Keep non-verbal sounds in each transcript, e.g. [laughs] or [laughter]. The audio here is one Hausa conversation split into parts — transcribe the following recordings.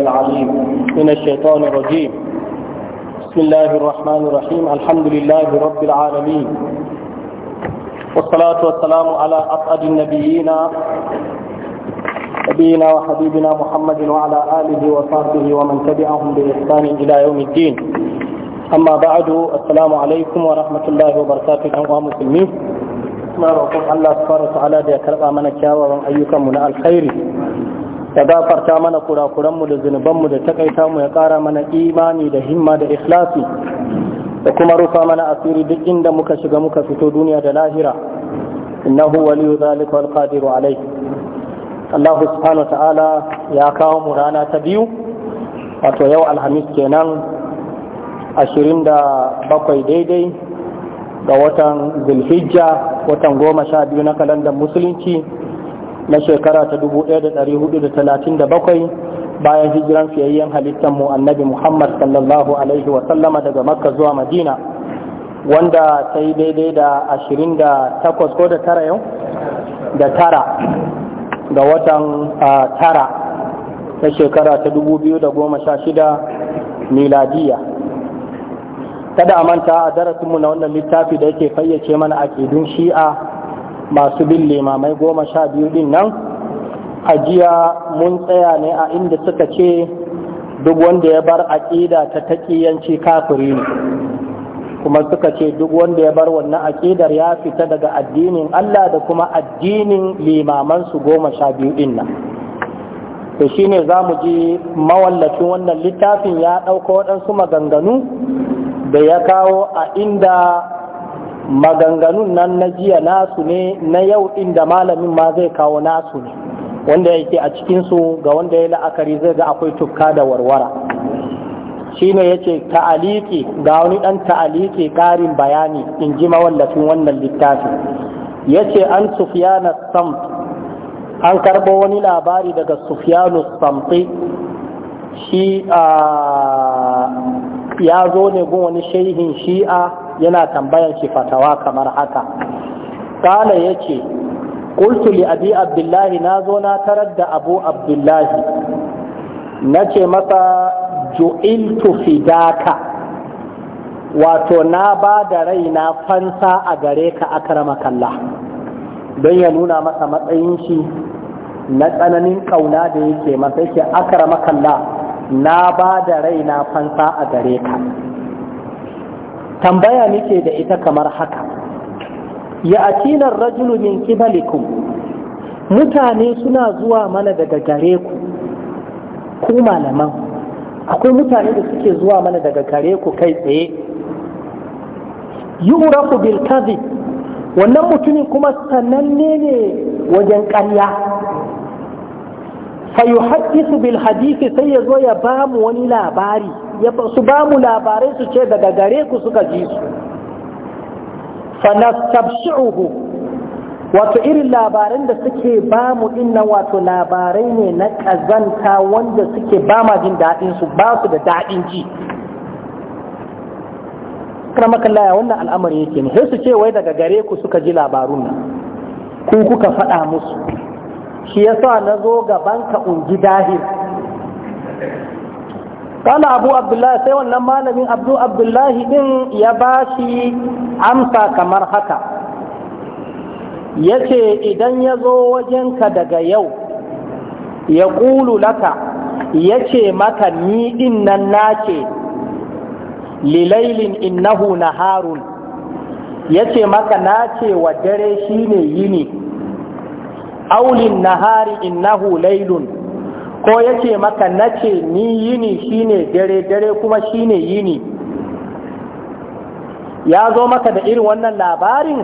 العليم من الشيطان الرجيم بسم الله الرحمن الرحيم الحمد لله رب العالمين والصلاة والسلام على أسعد النبيين نبينا وحبيبنا محمد وعلى آله وصحبه ومن تبعهم بإحسان إلى يوم الدين أما بعد السلام عليكم ورحمة الله وبركاته أيها المسلمين ما الله سبحانه وتعالى يكرم من الجاوة ومن أيكم من الخير ya gafarta mana kurakuranmu da zunubanmu da takaita mu ya kara mana imani da himma da ikhlasi da kuma rufa mana asiri duk inda muka shiga muka fito duniya da lahira innahu waliyu zalika wal qadiru alai Allah subhanahu ta'ala ya kawo mu rana ta biyu wato yau alhamis kenan 27 daidai ga watan zulhijja watan goma sha biyu na kalandar musulunci na shekara ta 1437 bayan hijiran fiyayyen halittar mu annabi Muhammad sallallahu alaihi wa sallama daga Makka zuwa Madina wanda ta yi daidai da 28 ko da tara yau da tara ga watan tara ta shekara ta 2016 miladiya kada a manta a darasinmu na wannan littafi da yake fayyace mana akidun shi'a masu bin limamai goma sha biyu din nan ajiya mun tsaya ne a inda suka ce duk wanda ya bar aƙida ta taƙiyanci kafiri ne kuma suka ce duk wanda ya bar wannan aƙidar ya fita daga addinin Allah da kuma addinin limamansu goma sha biyu din nan to ne za mu ji mawallafin wannan littafin ya ɗauka waɗansu maganganu da ya kawo a inda maganganun nan na jiya nasu ne na yau inda malamin ma zai kawo nasu ne wanda yake a cikinsu ga wanda ya la'akari zai ga akwai tukka da warwara shine yace ta'aliki ga wani ɗan ta'aliki ƙarin bayani in ji mawallafin wannan littafi yace an sufyana samt an karɓo wani labari daga sufyanu samti shi ah, ya zo ne gun wani shaihin shi'a yana tambayar shi fatawa kamar haka kala ya ce qultu li abi abdullahi na zo na tarar da abu abdullahi na ce masa ju'iltu daka, wato na ba da raina fansa a gare ka akrama kallah don ya nuna masa matsayin shi na tsananin kauna da yake masa yake akrama kallah na ba da raina fansa a gare ka tambaya nake da ita kamar haka ya atinar rajulu min kibalikum mutane suna zuwa mana daga gare ku ku malaman akwai mutane da suke zuwa mana daga gare ku kai tsaye Yi bil bilkazi wannan mutumin kuma sananne ne wajen karya. fa yuhaddisu bil hadisi sai ya zo ya ba mu wani labari ya su ba mu labarai su ce daga gare ku suka ji su fanastabshi'uhu wato irin labarin da suke ba mu dinnan wato labarai ne na kazanta wanda suke ba ma jin daɗin su ba su da daɗin ji karamakan laya wannan al'amari yake ne sai su ce wai daga gare ku suka ji labarun nan ku kuka faɗa musu shi yasa na zo gaban ka ungi dahir قال ابو عبد الله wannan malamin abdu abdullah din ya bashi amsa kamar haka yace idan yazo wajen ka daga yau ya qulu laka yace maka ni din nan nake lilailin innahu naharun yace maka nake wa dare shine yini aulin nahari innahu lailun ko yace maka nace ni yini shine dare dare kuma shine yini ya zo maka da irin wannan labarin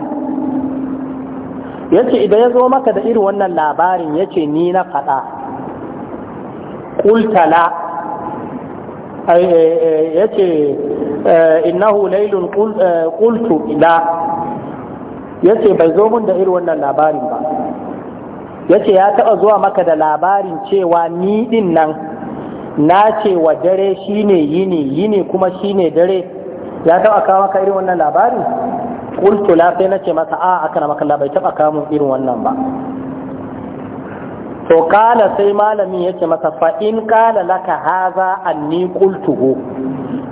yace idan ya zo maka da irin wannan labarin yace ni na faɗa ƙultala eh, eh, yace eh, innahu lailun qultu ila ce bai zo mun da irin wannan labarin ba ya ce ya taɓa zuwa maka da labarin cewa ni ɗin nan na ce wa dare shine yini yini kuma shine dare ya taɓa kawo maka irin wannan labarin kultu sai na ce masa a aka na maka bai taɓa kamun irin wannan ba to kala sai malami ce masa fa kala laka haza anni qultuhu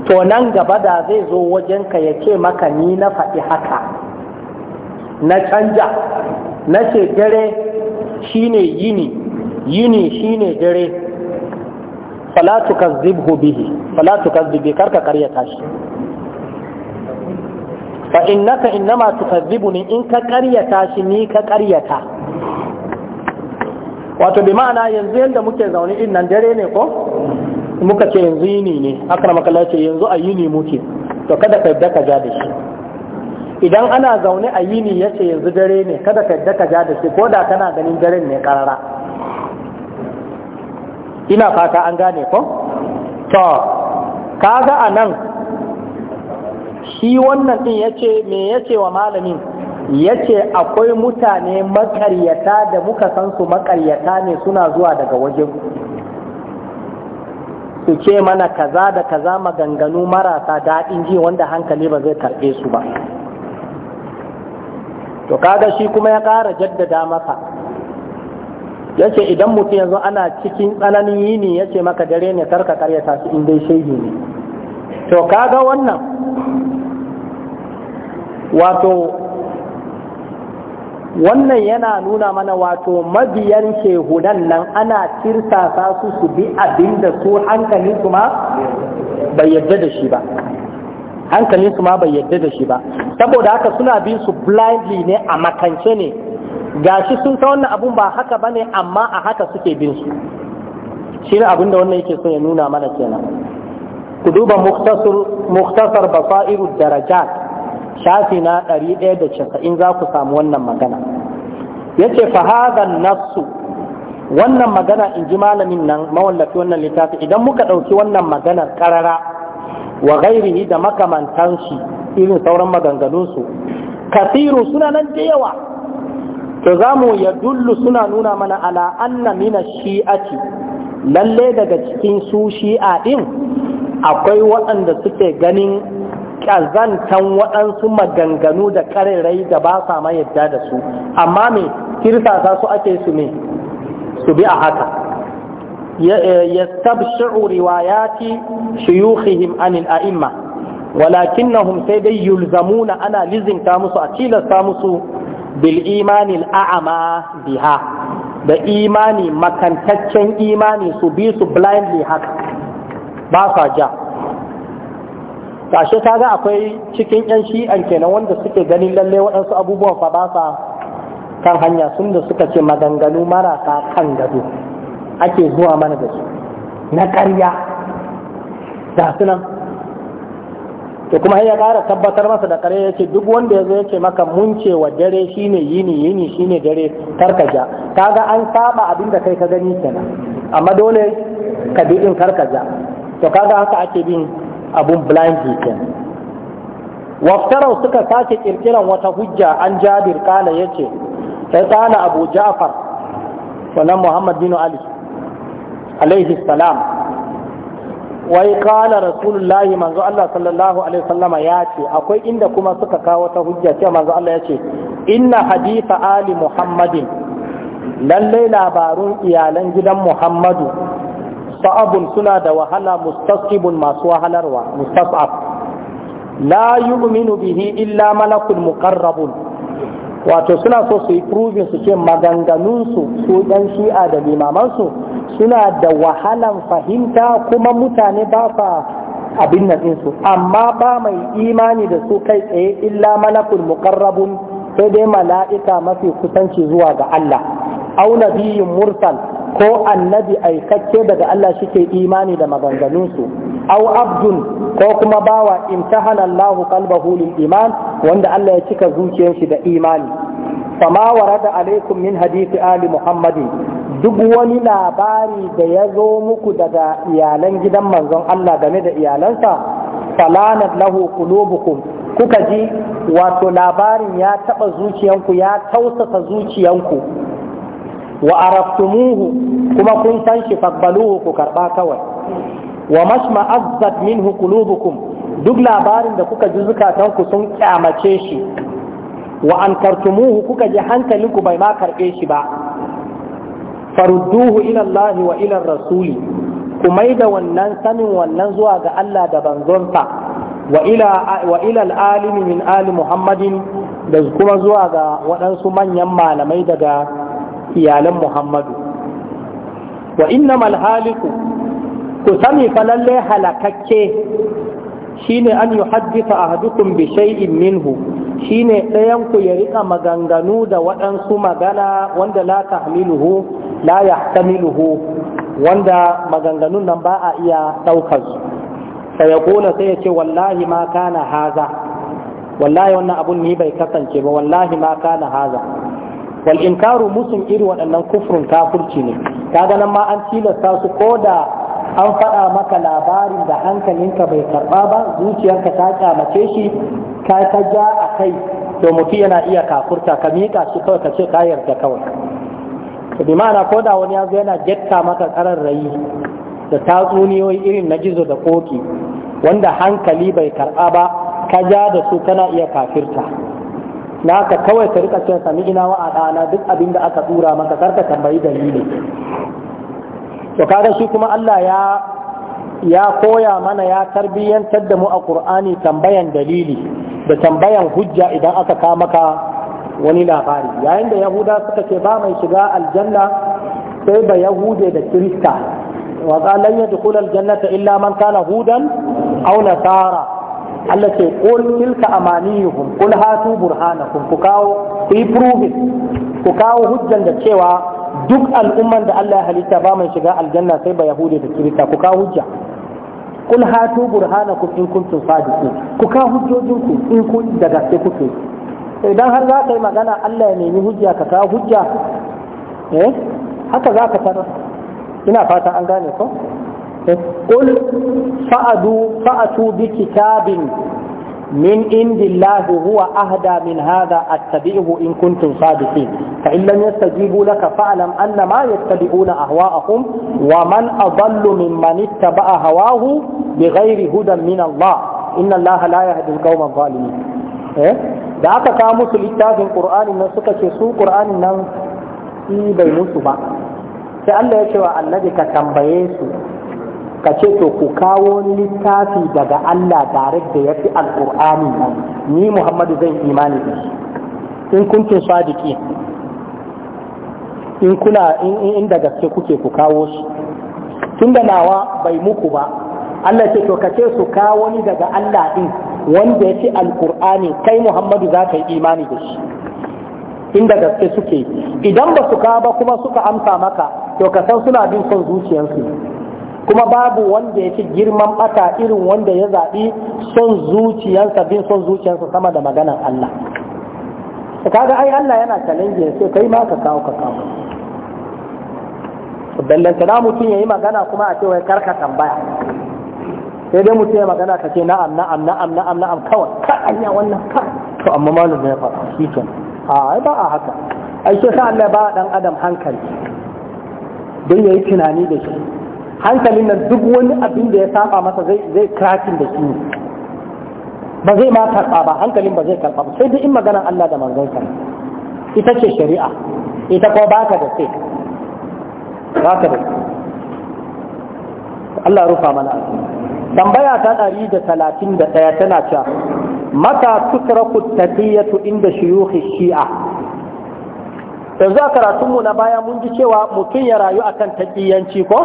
to nan gaba da zai zo wajenka ya ce maka ni na faɗi haka na canja na ce dare shine yini yini shine dare fala tukazzibhu bihi fala tukazzibi karka karyata shi fa innaka innama tukazzibuni in ka karyata shi ni ka karyata wato bi ma'ana yanzu yanda muke zaune din nan dare ne ko muka ce yanzu yini ne aka maka ce yanzu a yini muke to kada ka yadda ka ja da shi idan ana zaune a yini ya ce yanzu dare ne kada ka yadda ka ja da shi ko da kana ganin daren ne karara ina fata an gane ko to kaga a nan shi wannan din ya ce me ya ce wa malamin ya ce akwai mutane makaryata da muka san su makaryata ne suna zuwa daga wajen su ce mana kaza da kaza maganganu marasa daɗin ji wanda hankali ba zai karɓe su ba to kaga shi kuma ya ƙara jaddada maka yace idan mutum yanzu ana cikin tsananin yini yace maka dare ne karka karyata su in dai shege ne to kaga wannan wato wannan yana nuna mana wato mabiyan shehunan nan ana tirsasa su su bi abin da su hankali su ma bai yarda da shi ba hankalin su ma bai yarda da shi ba saboda haka suna bin su blindly ne a makance ne gashi sun ta wannan abun ba haka ba ne amma a haka suke bin su shi ne abin da wannan yake so ya nuna mana kenan ku duba muktasar basairu darajat shafi na 190 za ku samu wannan magana yace fa hadhan nassu wannan magana in ji malamin nan mawallafi wannan littafi idan muka ɗauki wannan maganar karara wa ghairihi da shi irin sauran maganganunsu kasiru suna nan da yawa to za mu ya dullu suna nuna mana ala anna mina shi'ati lalle daga cikin su shi'a din akwai waɗanda suke ganin ƙazantan waɗansu maganganu da ƙarerai da ba sa ma yadda da su amma me kirsa su ake su ne su bi a haka Ya eh, tabshi'u riwayati shuyukhihim anil a'imma ولكن sai dai yulzamuna ana lizinta musu a tilasta musu bil بها a'ama biha da imani makantaccen imani su su blindly haka ba sa ja taga akwai cikin yan shi'an kenan wanda suke ganin lalle waɗansu abubuwan fa ba sa kan hanya sun da suka ce maganganu marasa kan gado ake zuwa mana da su na ƙarya da sunan to kuma ya ƙara tabbatar masa da kare ce, duk wanda ya zo ce maka mun wa dare shine yini yini shine dare karkaja kaga an saba abin da kai ka gani kenan amma dole ka bi din karkaja to kaga haka ake bin abun blanki kenan waftarau suka sake kirkiran wata hujja an jabir kala yace sai kana abu ja'far wannan muhammad bin ali alaihi salam wai kala rasulullahi manzo Allah sallallahu alaihi ya ce akwai inda kuma suka kawo ta hujja cewa manzo Allah ya ce inna haditha ali muhammadin lallai labarun iyalan gidan muhammadu sa'abun suna da wahala mustasqibun masu wahalarwa mustasab la yu'minu bihi illa malakul muqarrabun wato suna so su yi proving su ce maganganunsu su ɗan shi'a da limamansu suna da wahalan fahimta kuma mutane ba fa abin nan su amma ba mai imani da su kai tsaye illa malakul muqarrabun sai dai mala'ika mafi kusanci zuwa ga Allah au nabiyin mursal ko annabi aikakke daga Allah shike imani da maganganunsu Au abdun ko kuma bawa imtahana Allahu qalbahu lil iman wanda Allah ya cika zuciyar shi da imani fama warada alaikum min hadisi ali Muhammadu, duk wani labari da ya zo muku daga iyalan gidan manzon Allah game da iyalansa falanat lahu qulubukum kuka ji wato labarin ya taba zuciyanku ya tausasa zuciyanku wa araftumuhu kuma kun san shi faqbaluhu ku karba kawai wa mashma azzat minhu qulubukum duk labarin da kuka ji ku sun kyamace shi wa an kartumuhu kuka ji ku bai ma karbe shi ba farudduhu ila Allah wa ila rasuli ku maida wannan sanin wannan zuwa ga Allah da banzonsa wa ila wa ila alimi min ali muhammadin da kuma zuwa ga waɗansu manyan malamai daga iyalan muhammadu wa innamal haliku ku sani fa lalle halakakke shine an yuhaddisa ahadukum bi shay'in minhu shine ɗayan ku ya rika maganganu da waɗansu magana wanda la tahmiluhu la yahtamiluhu wanda maganganun nan ba a iya daukar su sai ya kona sai ya ce wallahi ma kana haza wallahi wannan abun ne bai kasance ba wallahi ma kana haza wal inkaru musun iri waɗannan kufrun kafurci ne kaga nan ma an tilasta su koda. an faɗa maka labarin da hankalinka bai karɓa ba zuciyarka ta kyamace shi ka ja a kai to mutum yana iya kafurta ka miƙa shi kawai ka ce ka yarda kawai bi ma'ana ko da wani yanzu yana jetta maka ƙararrayi da tatsuniyoyi irin na gizo da koki wanda hankali bai karɓa ba ka ja da su kana iya kafirta na ka kawai ka rika cin sami ina wa a duk abin da aka tura maka karka tambayi dalili to kaga shi kuma Allah ya ya koya mana ya tarbiyyantar da mu a Qur'ani tambayan dalili da tambayan hujja idan aka ka wani labari yayin da Yahuda suka ce ba mai shiga aljanna sai ba Yahude da Kirista wa qalan yadkhul aljannata illa man kana hudan aw nasara Allah ce qul tilka amaniyuhum qul hatu burhanakum ku kawo ku kawo hujjan da cewa duk al'umman da Allah ya halitta ba mai shiga aljanna sai ba yahudi da kirista ku ka hujja kul hatu burhanakum in kuntum sadiqin ku ka hujjojinku in kun da gaske kuke idan har za ka yi magana Allah ya nemi hujja ka ka hujja eh haka za ka tarar ina fata an gane ko eh? qul fa'adu fa'atu bi kitabin min indillahi huwa ahda min hadha attabi'uhu in kuntum sadiqin Ka in lam yastajibu laka fa'lam anna ma yattabi'una ahwa'ahum wa man adallu mimman ittaba'a hawahu bighairi hudan min Allah inna Allah la yahdi al-qawma adh-dhalimin eh da aka kawo musu littafin ƙur'ani nan suka ce su ƙur'ani nan bai musu ba sai Allah ya ce wa annabi ka tambaye su ka ce to ku kawo littafi daga Allah tare da ya fi alƙur'ani nan ni Muhammadu zan imani da shi in ce sadiki in kula in da gaske kuke ku kawo shi tunda nawa bai muku ba Allah ce to ka ce su kawo ni daga Allah din wanda ya fi alƙur'ani kai Muhammadu za ka yi imani da shi inda gaske suke idan ba su kawo ba kuma suka amsa maka to ka san suna bin son zuciyarsu kuma babu wanda ya fi girman ɓata irin wanda ya zaɓi son zuciyarsa bin son zuciyarsa sama da maganar Allah kaga ai Allah yana challenge ya sai kai ma ka kawo ka kawo Bellan na mutum ya yi magana kuma a cewa karka tambaya sai dai mutum ya magana ka ce na'am na'am na'am na'am na'am kawai ka anya wannan ka to amma malum ne ya faɗa shi kenan a ba a haka ai sai Allah ba dan adam hankali don yayi tunani da shi hankalin nan duk wani abin da ya saba masa zai zai kratin da shi ba zai ma karɓa ba hankalin ba zai karɓa ba sai dai in magana Allah da manzon sa ita ce shari'a ita ko baka da sai baka da Allah rufa mana tambaya ta ɗari da talatin da ɗaya tana cewa mata tutraku tafiyatu inda shuyukhi shi'a yanzu a karatunmu na baya mun ji cewa mutum ya rayu a kan taƙiyanci ko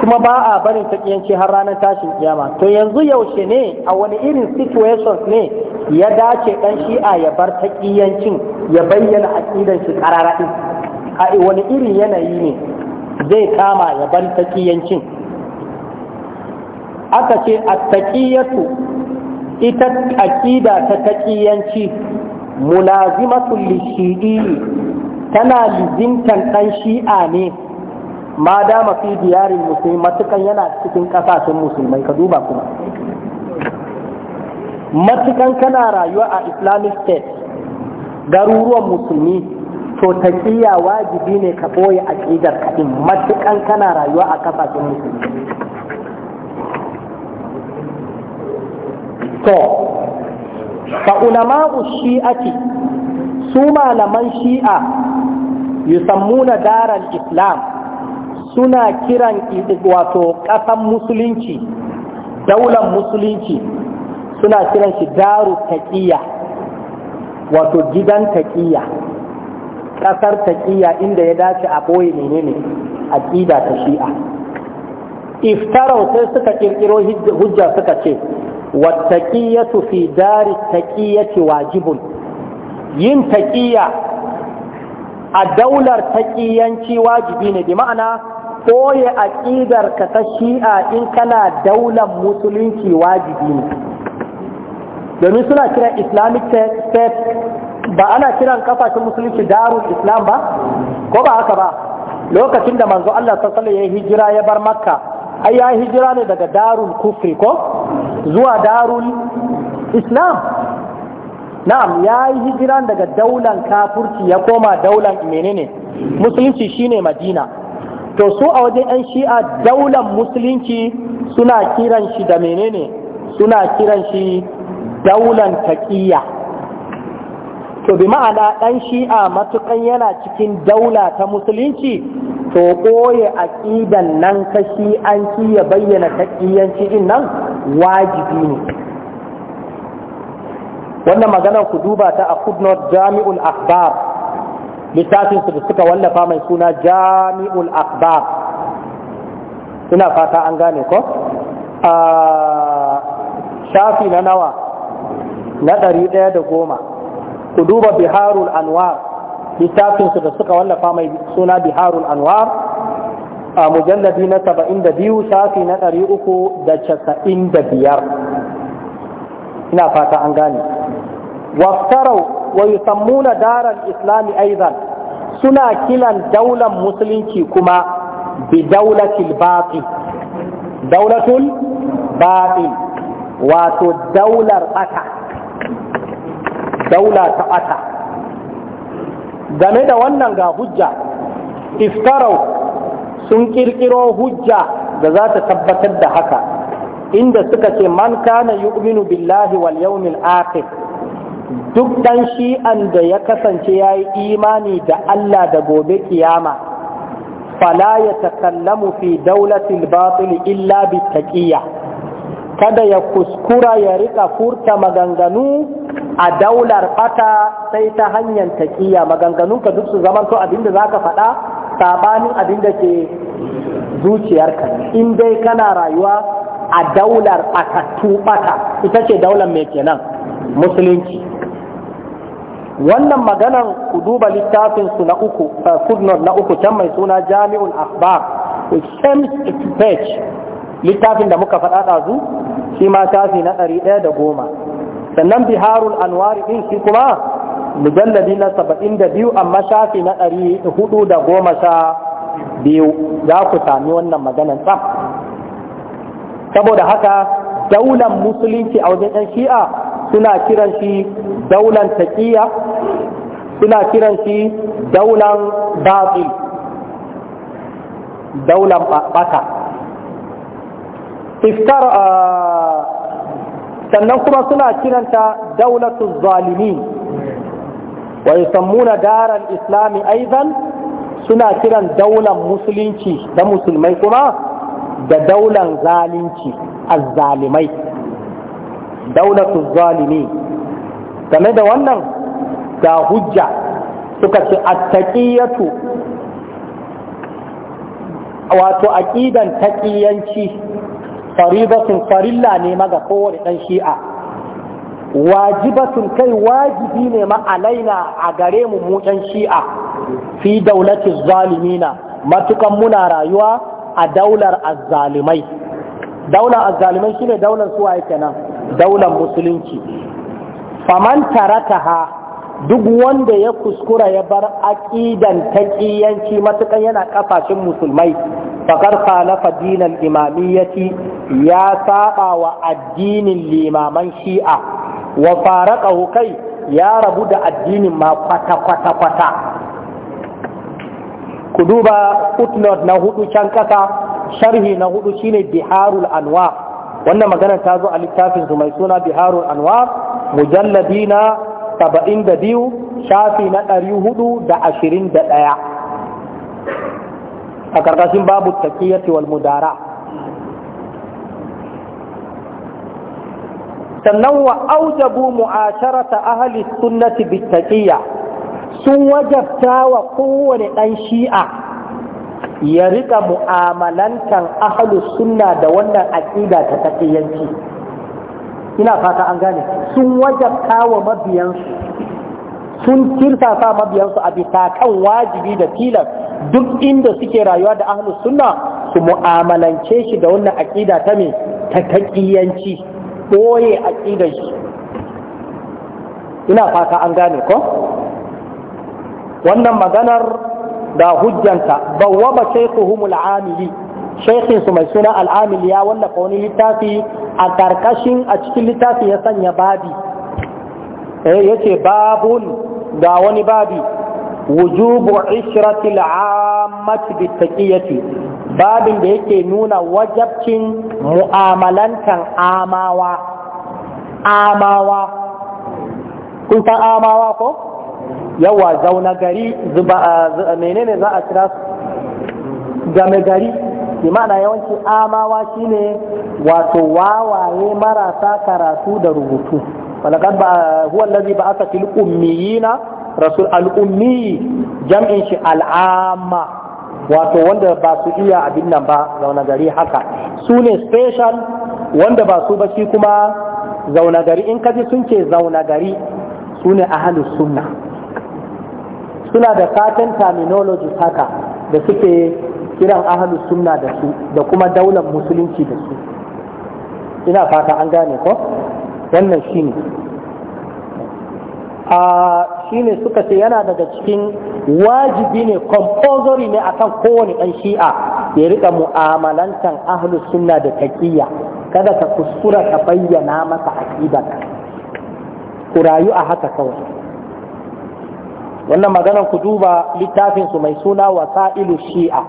kuma ba a barin taƙiyanci har ranar tashin kiyama to yanzu yaushe ne a wani irin situations ne ya dace ɗan shi'a ya bar taƙiyancin ya bayyana aƙidan shi ƙararraɗin? a wani irin yanayi ne zai kama ya bar taƙiyancin aka ce a taƙiyatu ita aƙida ta taƙiyanci mulazimatul lishi'i tana lizintan ɗan shi'a ne ma dama fi diyarin musulmi matukan yana cikin ƙasashen musulmai ka duba kuma matukan kana rayuwa a islamic state garuruwan musulmi to taƙiyya wajibi ne ka ɓoye aƙidar kaɗin matukan kana rayuwa a ƙasashen musulmi to fa ulama'u su malaman shi'a yusammuna daral islam suna kiran wato ƙasan musulunci daular musulunci suna kiran shi daru taƙiyya wato gidan taƙiyya ƙasar taƙiyya inda ya dace a ɓoye menene aƙida ta shi'a iftarau sai suka ƙirƙiro hujja suka ce wattaƙiyatu fi dari taƙiyyati wajibun yin taƙiyya a daular taƙiyanci wajibi ne bi ma'ana koye aƙidar ka ta shi'a in kana daular musulunci wajibi ne domin suna kiran islamic state ba ana kiran kafashin musulunci darul islam ba ko ba haka ba lokacin da manzo Allah sallallahu alaihi ya hijira ya bar makka ai ya hijira ne daga darul kufri ko zuwa darul islam na'am ya yi hijira daga daular kafurci ya koma daular menene musulunci shine madina to su a wajen 'yan shi'a daular musulunci suna kiran shi da menene suna kiran shi daular taƙiyya to bi ma'ana ɗan shi'a matukan yana cikin daula ta musulunci to ɓoye aƙidan nan ka shi'anci ya bayyana ta ƙiyanci din nan wajibi ne wannan maganar ku duba ta a footnote jami'ul akbar littafin su da suka wallafa mai suna jami'ul akbar ina fata an gane ko a ah, shafi na nawa na ɗari ɗaya da goma ku duba biharul anwar littafinsu da suka wallafa mai suna biharul anwar a mujalladi na saba'in da biyu shafi na ɗari uku da casa'in da biyar ina fata an gane waftarau wa yusammuna daral islami aizan suna kilan daular musulunci kuma bi daulatul baqi daulatul baqi wato daular ɓata daula ta ata game da wannan ga hujja iftarau sun kirkiro hujja da za ta tabbatar da haka inda suka ce man kana yu'minu billahi wal yawmil akhir duk dan shi'an da ya kasance ya yi imani da Allah da gobe kiyama fala ya takallamu fi daulatil batil illa bittaqiyya kada ya kuskura ya rika furta maganganu a daular fata sai ta hanyar taƙiya ka duk su zamanto abinda za ka faɗa sabanin abinda ke zuciyarka in dai kana rayuwa a daular ɓatattu ɓata ita ce daular mai kenan musulunci wannan maganan ku duba littafinsu na uku eh, footnote na uku can mai suna Jami'un akhbar same page littafin da muka faɗa ɗazu shi ma shafi na ɗari ɗaya da goma sannan biharul anwari ɗin shi kuma mujalladi na saba'in da biyu amma shafi na ɗari hudu da goma sha biyu za ku sami wannan maganan tsam saboda haka daular musulunci a wajen 'yan shi'a suna kiran shi daular taƙiyya suna kiran shi daular batil daular ɓaka. iftar sannan kuma suna kiranta daulatu zalimi wa yusammuna daral islami aidan suna kiran daular musulunci da musulmai kuma da daular zalunci azzalimai daulatu zalimi game da wannan ga hujja suka ce attaqiyatu wato aqidan taqiyanci faribatun farilla ne maga kowane ɗan shi'a wajibatun kai wajibi ne ma'alaina alaina a gare mu shi'a fi daulati zalimina matukan muna rayuwa a daular azzalimai daular azzalimai shine daular suwa yake nan daular musulunci faman ha duk wanda ya kuskura ya bar aƙidan ƙiyanci matukan yana ƙafashin musulmai faƙar khalafa dinan imamiyyati ya saba wa addinin limaman shi'a wa faraka kai ya rabu da addinin ma kwata-kwata-kwata ku duba footnote na hudu can ƙasa sharhi na hudu shine biharul anwa wannan magana ta zo a littafin su mai suna biharul anwa mujalladi na 72 shafi na 421 a ƙarƙashin babu taƙiyyati wal mudara sannan wa aujabu mu'asharata ahli sunnati bittaqiyya sun wajabta wa kowane ɗan shi'a ya rika mu'amalantan ahli sunna da wannan aƙida ta taƙiyyanci ina fata an gane sun wajabta wa mabiyansu sun sa mabiyansu a bisa kan wajibi da tilas duk inda suke rayuwa da ahlus sunna su mu'amalance shi da wannan aƙida ta me ta taqiyanci ɓoye aqidar shi ina fata an gane ko wannan maganar da hujjanta bawwaba shaykhuhumul amili shaykhin su mai suna al-amili ya wallafa wani littafi a karkashin a cikin littafi ya sanya babi eh yace babun ga wani babi wujubu ishratil ammati bittaqiyati babin da yake nuna wajabcin mu'amalantan amawa amawa kun amawa ko yawa zauna gari menene za a kira game gari bi ma'ana yawanci amawa shine wato wawaye marasa karatu da rubutu walaqad ba huwa allazi ba'atha fil ummiyina rasul al'ummi jam'in shi al'amma wato wanda ba su iya abin nan ba zauna gari haka su ne special wanda ba su ba shi kuma zauna gari in kaji sun ce zauna gari su ne ahalus sunna suna da fatan terminology haka da suke kiran ahalus sunna da su da kuma daular musulunci da su ina fata an gane ko wannan shi ne. Ah, shine suka ce yana daga cikin wajibi ne compulsory ne akan kowane ɗan shi'a ya rika mu'amalantan ahlus sunna da taqiyya kada ka kuskura ka bayyana masa aqidar ku rayu a haka kawai wannan maganar ku duba littafin su mai suna wasa'ilu shi'a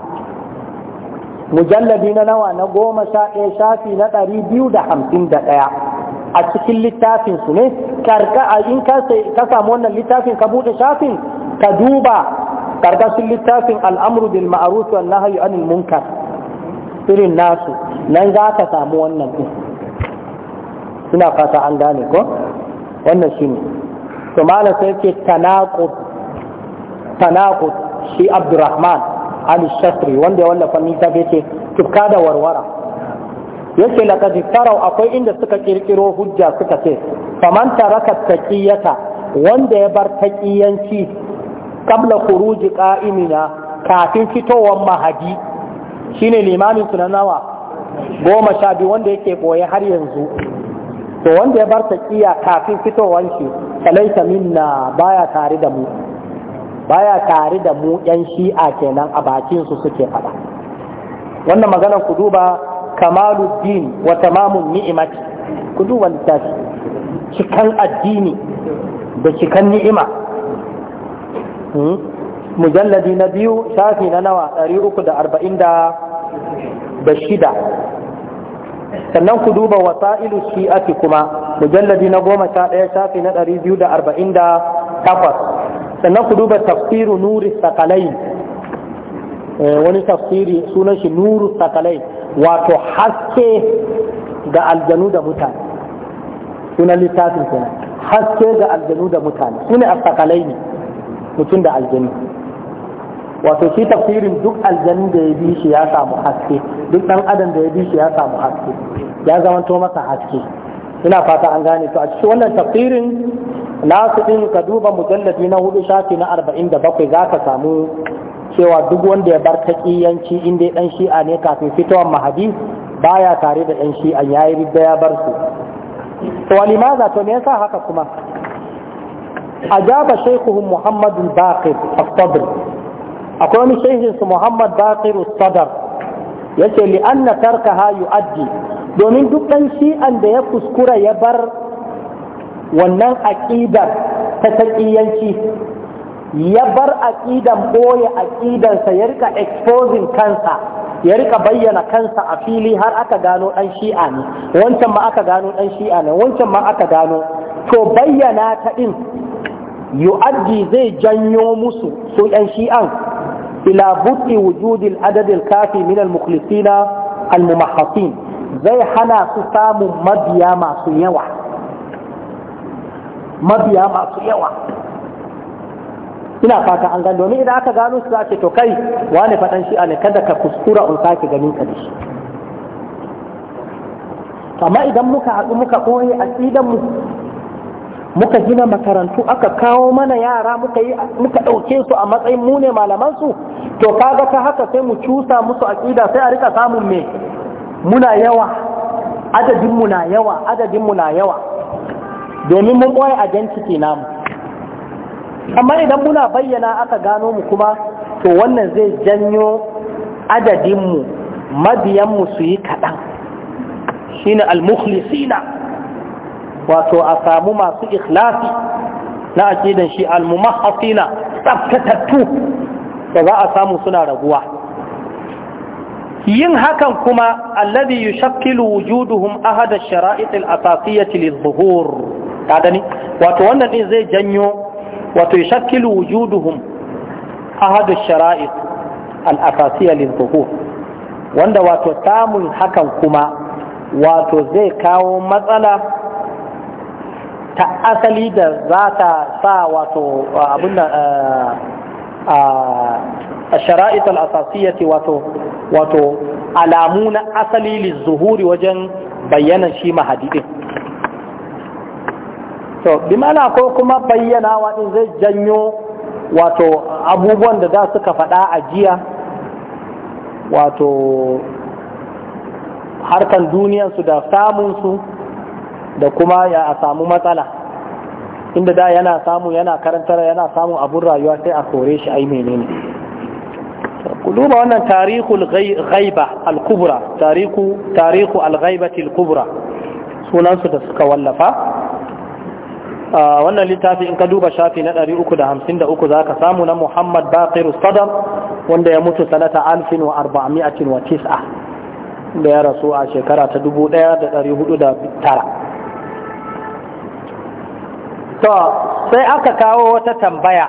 mujalladi na nawa na goma sha ɗaya shafi na ɗari biyu da hamsin da ɗaya a cikin littafin su ne karka in ka samu wannan littafin ka bude shafin ka duba karkashin littafin al'amru bil ma'ruf wan nahyi anil munkar irin nasu nan za ka samu wannan din suna fata an gane ko wannan shine to malam sai ce tanaqud tanaqud shi Abdurrahman Ali Shastri wanda ya wallafa littafi ce tufka da warwara yake laqad tarau akwai inda suka kirkiro hujja suka ce faman taraka taqiyata wanda ya bar taqiyanci qabla khuruj qa'imina kafin fitowar mahadi shine limamin su na nawa goma sha biyu wanda yake boye har yanzu to wanda ya bar taqiya kafin fitowar shi falaita minna baya tare da mu baya tare da mu yan shi'a kenan a bakin su suke faɗa wannan maganar ku duba Kamalu kamaluddin wa tamamun ni'imati ku duba littafi cikan addini da cikan ni'ima hmm? mujalladi na biyu shafi na nawa 346 sannan ku duba wasa'ilu shi'ati kuma mujalladi na goma sha ɗaya shafi na 248 sannan ku duba tafsiru nuri sakalai eh, wani tafsiri sunan shi nuru sakalai wato haske ga aljanu da mutane suna littafin kenan haske ga aljanu da mutane sune asakalai ne mutum da aljanu wato shi tafsirin duk aljanu da ya bi shi ya samu haske duk dan adam da ya bi shi ya samu haske ya zamanto masa haske ina fata an gane to a cikin wannan tafsirin nasu din ka duba mujalladi na hudu shafi na arba'in da bakwai za ka samu cewa duk wanda ya bar ƙiyanci inda ɗan shi'a ne kafin fitowar mahadi baya tare da dan shi'a yi ridda ya bar su to walimaza to me yasa haka kuma A jaba shaikuhun Muhammadu baqir as akwai wani shaykhin su muhammad baqir as-sadr yace li anna tarkaha yu'addi domin duk dan shi'an da ya kuskura ya bar wannan aqidar ta ƙiyanci. ya bar aƙidan ɓoye aƙidansa ya rika exposing kansa ya rika bayyana kansa a fili har aka gano ɗan shi'a ne wancan ma aka gano ɗan shi'a ne wancan ma aka gano to bayyana ta ɗin yu'addi zai janyo musu su ɗan shi'an ila buɗe wujudil adadin kafi min al-mukhlisina al-mumahhasin zai hana su samun mabiya masu yawa mabiya masu yawa ina fata an domin idan aka gano su za a ce to kai wani faɗan shi'a ne kada ka kuskura in sake ganin ka shi amma idan muka haɗu muka ɓoye a mu muka gina makarantu aka kawo mana yara muka yi muka ɗauke su a matsayin mu ne malaman su to kaga ta haka sai mu cusa musu aƙida sai a rika samun me muna yawa adadin mu na yawa adadin mu na yawa domin mun ɓoye a namu amma idan muna bayyana aka gano mu kuma to wannan zai janyo adadinmu mabiyanmu su yi kaɗan shi ne mukhlisina wato a samu masu ikhlasi na aqidan shi al-mumahhasina tsaftatattu da za a samu suna raguwa yin hakan kuma alladhi yushakkilu wujuduhum ahada ash-shara'it al-asasiyyah lidh-dhuhur wato wannan din zai janyo wato yashkilu wujuduhum ahadu shara'is al-asasiyya lil wanda wato samun hakan kuma wato zai kawo matsala ta asali da za ta sa wato abin da a shara'it al-asasiyyati wato wato alamu na asali lizuhuri wajen bayyana shi mahadidin to bi mana ko kuma bayyana waɗin zai janyo wato abubuwan da su suka faɗa a jiya wato harkan duniyansu da samunsu da kuma ya a samu matsala inda da yana samu yana karantar yana samun abun rayuwa sai a kore shi ai menene ku duba wannan tarihul ghaiba al-kubra tarihu tarihu al-ghaibati al-kubra sunansu da suka wallafa wannan littafi in ka duba shafi na 353 za ka samu na muhammad Baqir sadam wanda ya mutu sanata 1409 da ya rasu a shekara ta 1409 to sai aka kawo wata tambaya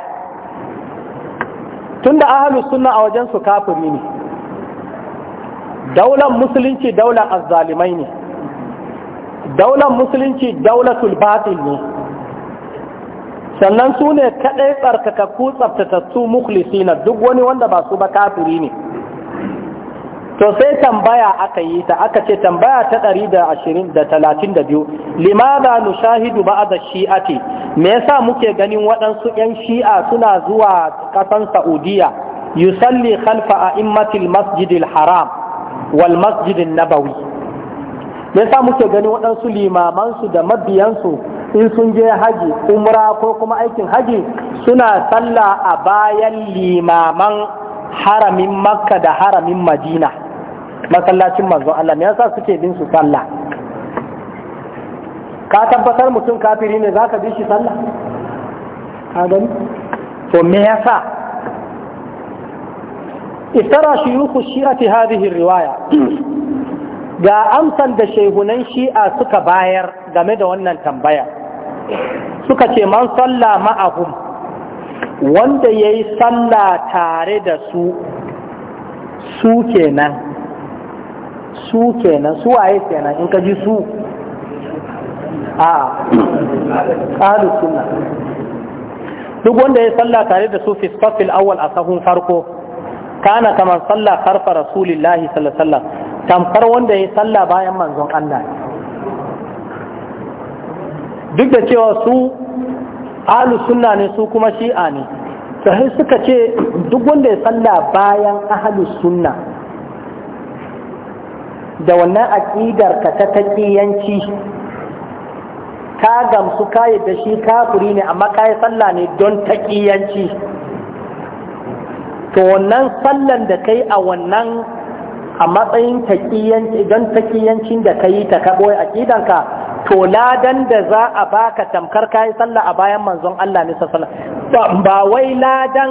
tunda ahalus suna a wajen su kafiri ne daular musulunci daular azzalimai ne daular musulunci daular tulbatin ne sannan su ne kaɗai tsarkakakku tsaftatattu mukhlisina duk wani wanda ba su ba kafiri ne to sai tambaya aka yi ta aka ce tambaya ta ɗari da ashirin da talatin da biyu limada nushahidu ba'da shi'ati me yasa muke ganin waɗansu 'yan shi'a suna zuwa ƙasan saudiya yusalli khalfa a'immatil masjidil haram wal masjidin nabawi me yasa muke ganin waɗansu limamansu da mabiyansu in sun je haji umra ko kuma aikin haji suna sallah a bayan limaman haramin makka da haramin madina masallacin manzon Allah me yasa suke bin su sallah ka tabbatar mutum kafiri ne zaka bi shi sallah ka gani to me yasa افترى شيوخ الشيعة هذه الرواية ga amsan da shehunan shi'a suka bayar game da wannan tambaya suka ce man salla ma'ahum wanda ya yi salla tare da su su kenan su kenan su waye kenan in ka ji su a ƙalu suna duk wanda ya salla tare da su fiskofil awal a sahun farko kana kamar salla farfa rasulillahi sallallahu alaihi wasallam tamkar wanda ya salla bayan manzon Allah duk da cewa su ahlu sunna ne su kuma shi'a ne sai suka ce duk wanda ya salla bayan ahlu sunna da wannan aƙidar ka ta taƙiyanci ka gamsu kayi da shi kafuri ne amma ka yi salla ne don taƙiyanci to wannan sallan da kai a wannan a matsayin taƙiyanci don taƙiyancin da ka yi ta kaɓo aƙidanka to ladan da za a baka tamkar kayi sallah a bayan manzon Allah ne sallallahu ba wai ladan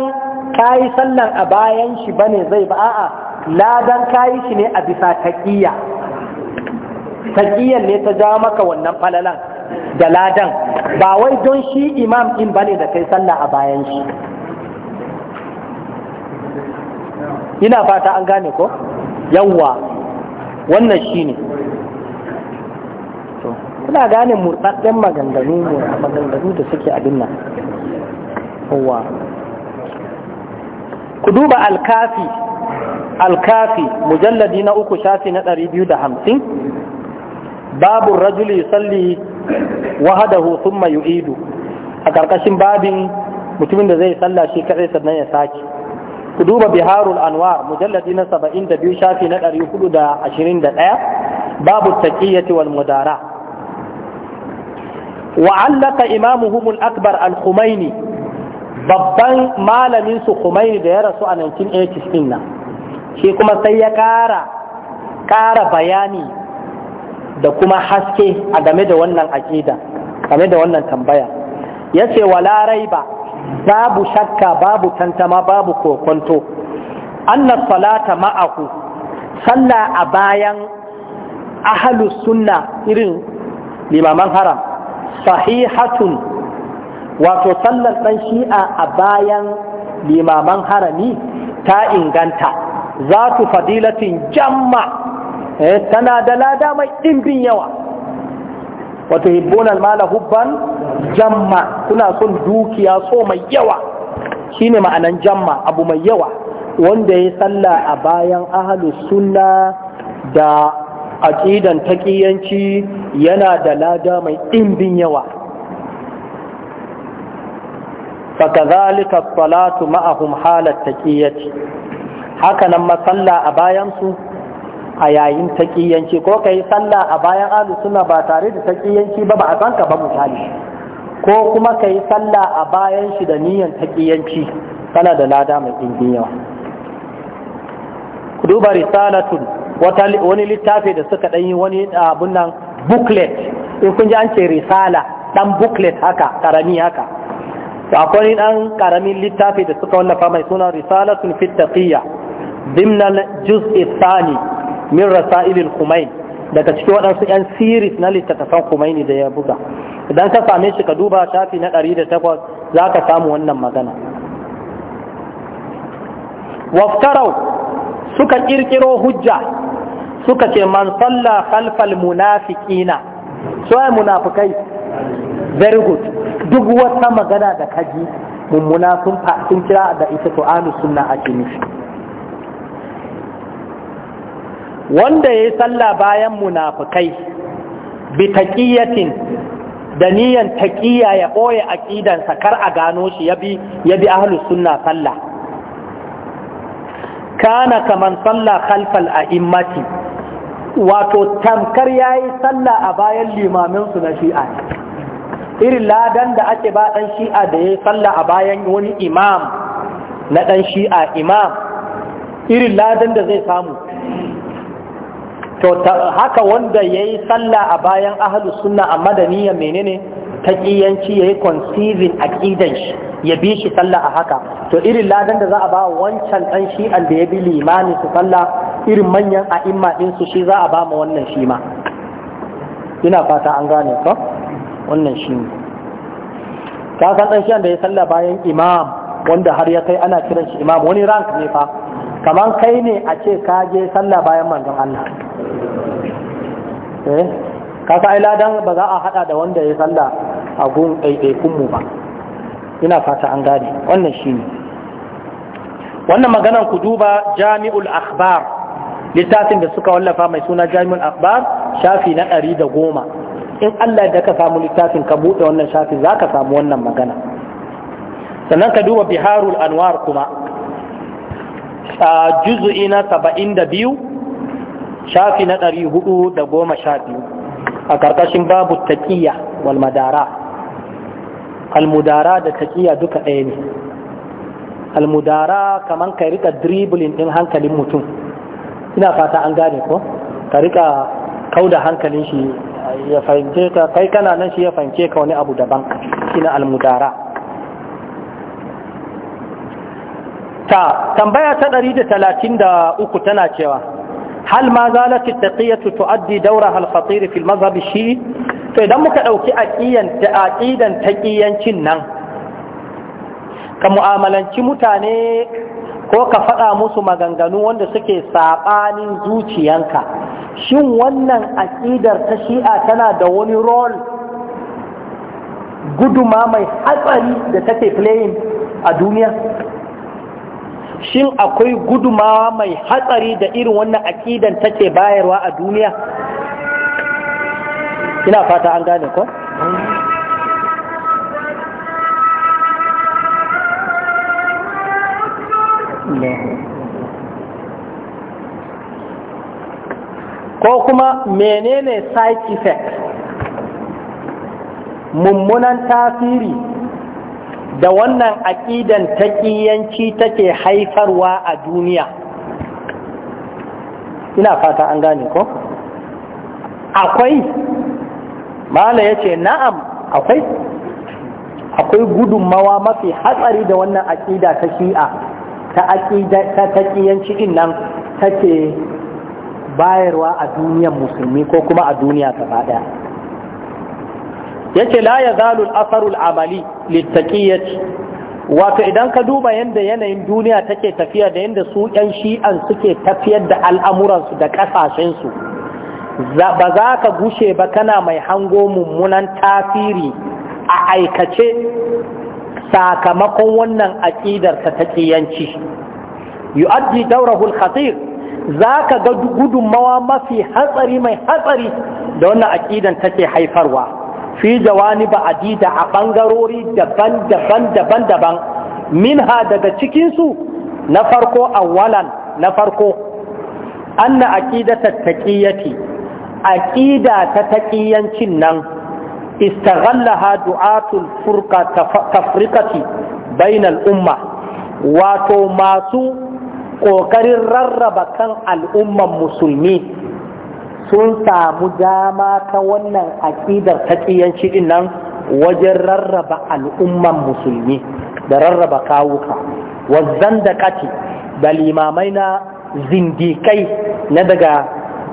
kayi sallan a bayan shi bane zai ba a'a ladan kayi shi ne a bisa taqiyya taqiyyan ne ta ja maka wannan falalan da ladan ba wai don shi imam din bane da kai sallah a bayan shi ina fata an gane ko yawwa wannan shine kuna gane murɗaɗɗen maganganu maganganu da suke abin nan kowa ku duba alkafi alkafi mujalladi na uku shafi na ɗari biyu da hamsin babu rajuli yusalli wahadahu thumma yu'idu a ƙarƙashin babin mutumin da zai salla shi kaɗai sannan ya sake ku duba biharul anwar mujalladi na saba'in da biyu shafi na ɗari hudu da ashirin da ɗaya babu taƙiyyati wal mudara wa'allaka imamuhumul akbar al-Khumaini babban malamin su Khumaini da ya rasu a 1980 din nan shi kuma sai ya ƙara ƙara bayani da kuma haske a game da wannan aƙida game da wannan tambaya ya ce Larai ba, babu shakka babu tantama babu kokonto anna salata ma'ahu sallah a bayan ahalus sunna irin limaman haram sahihatun wato sallar ɗan shi'a a bayan limaman harami ta inganta za ku fadilatin jamma eh, tana da lada mai ɗimbin yawa wato hibbonan mala hubban jamma kuna son dukiya so mai yawa shine ma'anan jamma abu mai yawa wanda ya salla a bayan ahalus sunna da ƙidan taƙiyanci yana da lada mai ɗimbin yawa zalika salatu ma'ahum halar taƙiyanci haka nan masalla a bayansu a yayin taƙiyanci. ko ka yi sallah a bayan ahlus suna ba tare da taƙiyanci ba ba a kanka ba misali ko kuma ka yi sallah a bayan shi da niyyar taƙiyanci. kana da lada mai ɗimbin yawa ku duba risalatun wani littafi da suka ɗanyi wani abun nan booklet in kun ji an ce risala ɗan booklet haka ƙarami haka to akwai ɗan ƙaramin littafi da suka wallafa mai suna sun fi taqiyya dimna juz'i thani min rasailil khumain daga cikin waɗansu 'yan siris na littattafan kumaini da ya buga idan ka same shi ka duba shafi na ɗari da takwas za ka samu wannan magana waftarau suka ƙirƙiro hujja suka ce man salla khalfal munafiqina soya munafikai very good duk wata magana da kaji mummuna sun sun kira da ita to ahlus sunna ake wanda yayi salla bayan munafikai bi taqiyatin da niyan taqiya ya boye sa kar a gano shi yabi yabi ahlus sunna salla kana kaman salla khalfal a'immati wato tamkar ya yi sallah a bayan limaminsu na shi'a irin ladan da ake ba ɗan shi'a da ya yi sallah a bayan wani imam na ɗan shi'a imam irin ladan da zai samu to haka wanda ya yi sallah a bayan ahalus sunna a madaniya menene ya yi conceiving aqidan shi ya bi shi sallah a haka to irin ladan da za a ba wancan shi an da ya bi limani su sallah irin manyan imma din su shi za a ba ma wannan shi ma ina fata an gane ko wannan shi ne ka san shi an da ya sallah bayan imam wanda har ya kai ana kiran shi imam wani rank ne fa Kamar kai ne a ce ka je sallah bayan manzon Allah eh ka ai ladan ba za a hada da wanda ya sallah a gun ɗaiɗaikunmu ba ina fata an gane wannan ne, wannan maganan ku duba jami'ul akhbar littafin da suka wallafa mai suna jami'ul akhbar shafi na ɗari da goma in Allah da ka samu littafin ka buɗe wannan shafi za ka samu wannan magana sannan ka duba biharul anwar kuma a juzu'i na saba'in da biyu shafi na ɗari hudu da goma sha biyu a ƙarƙashin babu taƙiyya wal madara almudara da taƙiya duka ɗaya ne almudara kamar ka rika dribbling ɗin hankalin mutum ina fata an gane ko ka rika kauda hankalin shi ya fahimce ka kai kana nan shi ya fahimce ka wani abu daban shi na almudara ta tambaya ta 133 tana cewa hal maza na at-taqiyatu tuaddi dawraha al al-madhhab ash-shi'i to idan muka ɗauki aqiyan ta aqidan nan ka mu'amalanci mutane ko ka faɗa musu maganganu wanda suke saɓanin zuciyarka. shin wannan aƙidar ta shi'a tana da wani rol guduma mai hatsari da take playing a duniya shin akwai gudumawa mai hatsari da irin wannan akidan take bayarwa a duniya ina fata an gane ko ko kuma menene side effect mummunan tasiri da wannan aƙidan taƙiyanci take haifarwa a duniya ina fata an gane ko akwai mala yace na'am akwai akwai gudunmawa mafi hatsari da wannan aƙida ta shi'a ta aƙida ɗin nan take bayarwa a duniyar musulmi ko kuma a duniya gaba ɗaya yace la yazalu al-atharu al-amali wato idan ka duba yadda yanayin duniya take tafiya da yadda su yan shi'an suke tafiyar da al'amuransu da ƙasashensu ba za ka gushe ba kana mai hango mummunan tasiri a aikace sakamakon wannan aƙidar ta taƙiyanci yu'addi daurahul khatir za ka ga gudunmawa mafi hatsari mai hatsari da wannan aƙidan take haifarwa fi jawani ba adida a ɓangarori daban-daban daban-daban minha daga cikinsu na farko awwalan na farko anna aqidata taqiyati aqida ta taqiyancin nan istaghallaha du'atul furqa tafriqati bainal umma wato masu ƙoƙarin rarraba kan al'umman musulmi sun samu dama ta wannan aƙidar ta ƙiyanci din nan wajen rarraba al'umman musulmi da rarraba kawuka wazzan da kati da limamai na zindikai na daga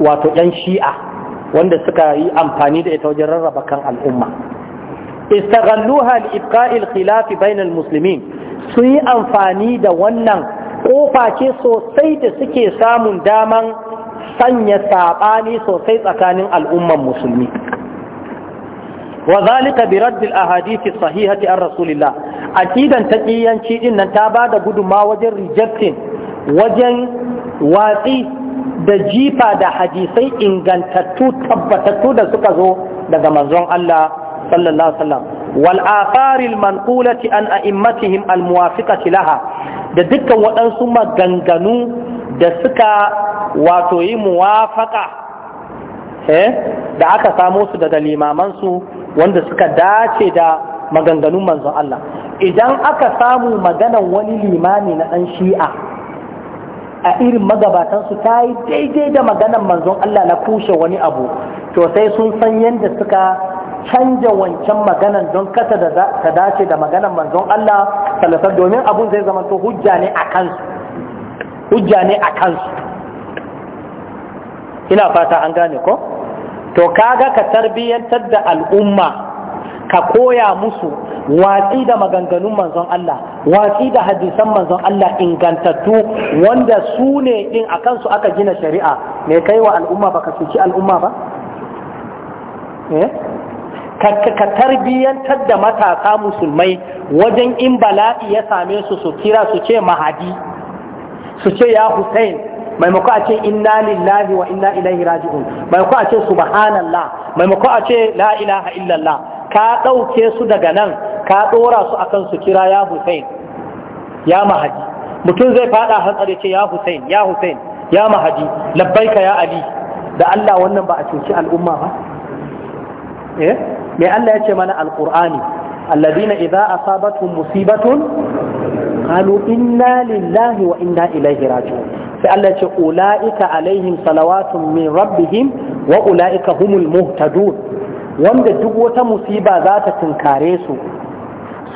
wato 'yan shi'a wanda suka yi amfani da ita wajen rarraba kan al'umma istaghalluha liqa'il khilafi bainal muslimin sun yi amfani da wannan kofa ce sosai da suke samun daman sanya saɓani sosai tsakanin al'umman musulmi Wazalika zalika bi raddil ahadithi sahihati an rasulillah aqidan taqiyanci din nan ta bada guduma wajen rejecting wajen watsi da jifa da hadisai ingantattu tabbatattu da suka zo daga manzon Allah sallallahu alaihi wasallam wal atharil manqulati an a'immatihim al muwafiqati laha da dukkan waɗansu maganganu da suka wato yi muwafaka eh, da aka samo su daga limamansu wanda suka dace da maganganun manzon Allah idan aka samu maganan wani limami na ɗan shi'a a irin magabatansu ta yi daidai da maganan manzon Allah na kushe wani abu to sai sun san yadda suka canja wancan maganan don kasa da ta dace da maganan manzon Allah sallallahu domin abun zai zama to hujja ne a kansu hujja ne a kansu ina fata an gane ko to kaga ka tarbiyyantar da al'umma ka koya musu watsi da maganganun manzon Allah watsi da hadisan manzon Allah ingantattu wanda su ne din a kansu aka gina shari'a me kai wa al'umma ba ka cuci al'umma ba eh? ka tarbiyyantar da matasa musulmai wajen in bala'i ya same su su kira su ce mahadi su ce ya Hussein maimako a ce inna lillahi wa inna ilaihi raji'un maimako a ce subhanallah maimako a ce la ilaha illallah ka ɗauke su daga nan ka ɗora su akan su kira ya Hussein ya Mahadi. mutum zai faɗa hatsari ce ya Hussein ya Hussein ya Mahadi, labbaika ya Ali da Allah wannan ba a cuci al'umma ba eh me Allah ya ce mana alqur'ani alladhina idza asabatuhum musibatun qalu inna lillahi wa inna ilaihi raji'un sai Allah ce ulaika alaihim salawatu min rabbihim wa ulaika humul muhtadun wanda duk wata musiba za ta tunkare su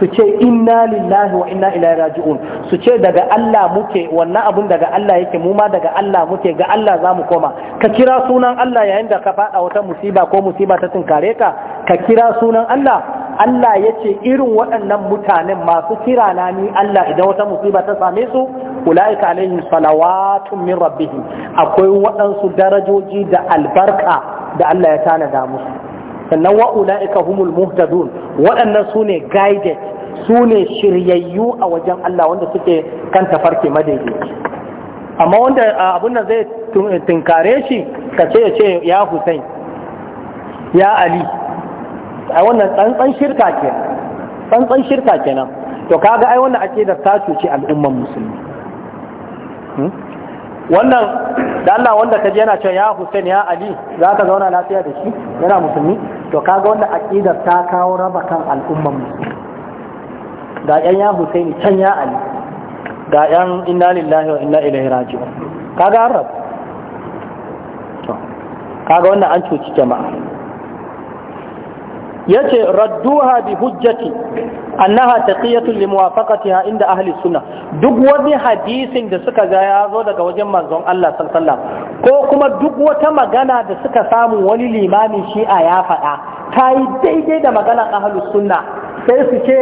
su ce inna lillahi wa inna ilaihi raji'un su ce daga Allah muke wannan abun daga Allah yake mu ma daga Allah muke ga Allah za mu koma ka kira sunan Allah yayin da ka faɗa wata musiba ko musiba ta tunkare ka ka kira sunan Allah Allah ya ce irin waɗannan mutanen masu kira na ni Allah idan wata musiba ta same su ula'ika alaihim salawatun min rabbihim akwai waɗansu darajoji da albarka da Allah ya tanada musu sannan wa ula'ika humul muhtadun waɗannan su ne guided su ne shiryayyu a wajen Allah wanda suke kan tafarki madaidaici amma wanda abun da zai tunkare shi ka ce ce ya Hussein ya Ali a wannan tsantsan shirka ke tsantsan shirka kenan to kaga ai wannan akidar ta cuci al'umman musulmi hmm? wannan da Allah wanda kaje yana cewa ya Hussein ya Ali za ka zauna lafiya da shi yana musulmi to kaga wanda aqidar ta kawo raba kan al'umman musulmi ga yan ya Husaini can ya Ali ga yan inna lillahi wa inna ilaihi raji'un kaga an rabu to kaga wanda an cuci jama'a yace radduha bi hujjati annaha taqiyatun li muwafaqatiha inda ahli sunnah duk wani hadisin da suka ga ya zo daga wajen manzon Allah sallallahu alaihi wasallam ko kuma duk wata magana da suka samu wani limamin shi'a ya faɗa ta yi daidai da maganar ahli sunna sai su ce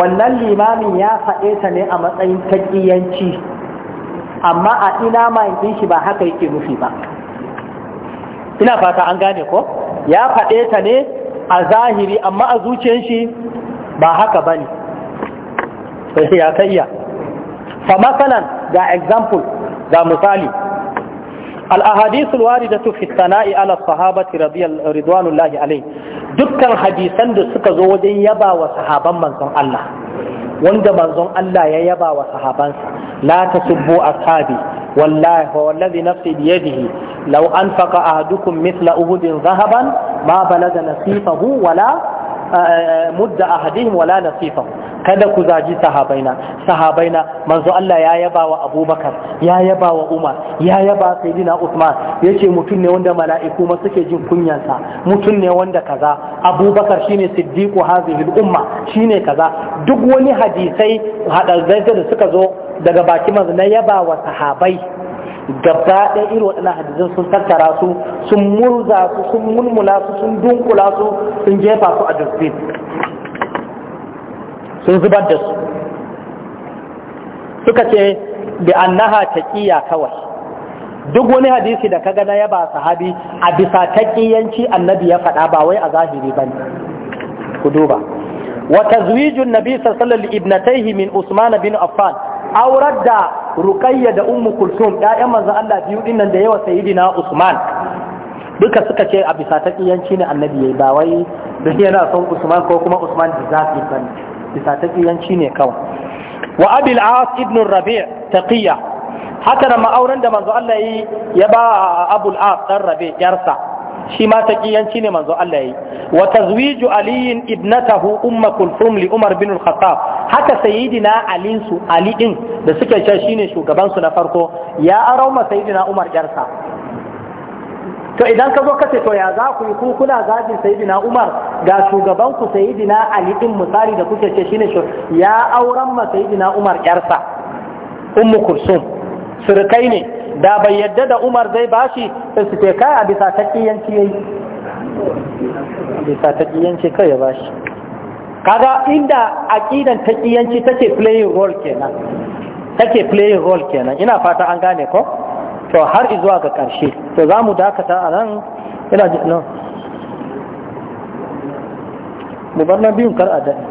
wannan limamin ya faɗe ta ne a matsayin taqiyanci amma a ina mayin shi ba haka yake nufi ba ina fata an gane ko ya faɗe ta ne a zahiri amma a zuciyar shi ba haka ba ne [laughs] ya kayya fa masalan ga example ga misali al-ahadith al-waridatu fi sana'i ala sahabati radiyallahu alayhi dukkan hadisan da suka zo wajen yaba sahaban manzon Allah wanda manzon Allah ya yaba wa sahabansa la tasubbu ashabi wallahi wallazi nafsi biyadihi law anfaqa ahadukum mithla uhudin zahaban ma da nasifahu wala eh, mudda ahadihim wala nasifahu kada ku zaji sahabaina sahabaina manzo Allah ya yaba wa Abubakar ya yaba wa Umar ya yaba Sayyidina Uthman yace mutum ne wanda mala'iku ma suke jin kunyansa mutum ne wanda kaza Abubakar shine siddiqu al umma shine kaza duk wani hadisai hadazzai da suka zo daga baki manzo na yaba wa sahabai gaba da irin waɗannan hadisan sun tattara su sun murza su sun mulmula su sun dunkula su sun jefa su a dustbin sun zubar da su suka ce da annaha taqiya kawai duk wani hadisi da kaga na yaba sahabi a bisa taqiyanci annabi ya faɗa ba wai a zahiri bane ku duba wa tazwijun nabi sallallahu alaihi ibnatayhi min usman bin affan aurar da ruqayya da ummu kulsum ɗayan manzo Allah biyu din nan da yawa sayyidina usman duka suka ce a bisa taqiyanci ne annabi yayi ba wai duk yana son usman ko kuma usman da zafi bane bisa taqiyanci ne kawai wa abil as ibn rabi' taqiya haka da ma'auran da manzo Allah yi ya ba abul as dan rabi' yarsa shi ma taqiyanci ne manzo Allah yi wa tazwiju ali ibnatahu umm kulthum li umar bin al-khattab haka sayyidina ali su ali din da suke cewa shine shugaban su na farko ya arauma sayyidina umar yarsa to idan ka zo ka ce to ya za ku yi kun kuna zaɓi sayidina Umar ga shugaban ku sayidina Ali din misali da kuke ce shine ya auren ma sayidina Umar yarsa ummu kursum surkai ne da bai yadda da Umar zai bashi sai su ce kai a bisa taqiyanci yayi bisa taqiyanci kai ya bashi kaga inda aqidan taqiyanci take playing role kenan take playing role kenan ina fata an gane ko to har izuwa ga ƙarshe to za mu dakata a nan ina ji nan mu bar na biyun kar a daɗi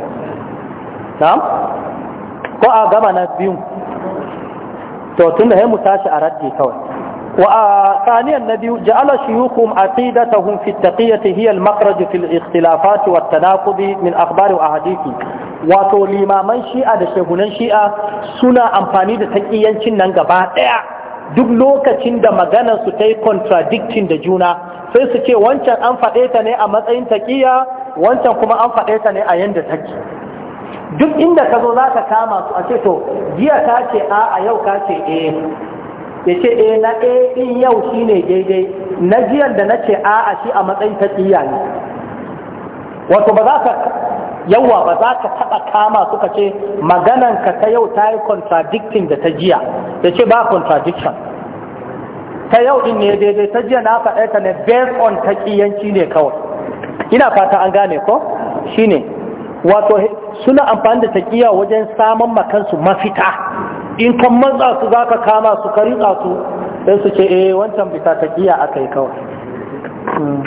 na ko a gama na biyun to tun da ya mu tashi a raddi kawai wa a tsaniyan na biyu ja'ala hukum a fi taqiyyati hiya ta makhraj fi al-ikhtilafat wa at min akhbar wa hadithi. wato limaman shi'a da shehunan shi'a suna amfani da taqiyancin nan gaba ɗaya. duk lokacin da maganarsu su ta yi contradictin da juna sai su ce wancan an faɗe ta ne a matsayin taƙiya wancan kuma an faɗe ta ne a yanda take duk inda ka zo za ka kama su a ce to jiya ka ce a a yau ka ce e, ya ce e na e din yau shine daidai na jiyan da na ce a a shi a matsayin taƙiya ne wato ba za ka yawa ba za ka taɓa kama suka ce maganan ka ta yau ta yi contradicting da ta jiya da ce ba contradiction ta yau din ne daidai ta jiya na faɗaita ta ne based on ta ƙiyanci ne kawai ina fata an gane ko shi ne wato suna amfani da taƙiya wajen samun makansu mafita in kan matsa su za ka kama su ka ritsa su sai su ce eh wancan bisa taƙiya aka yi kawai hmm.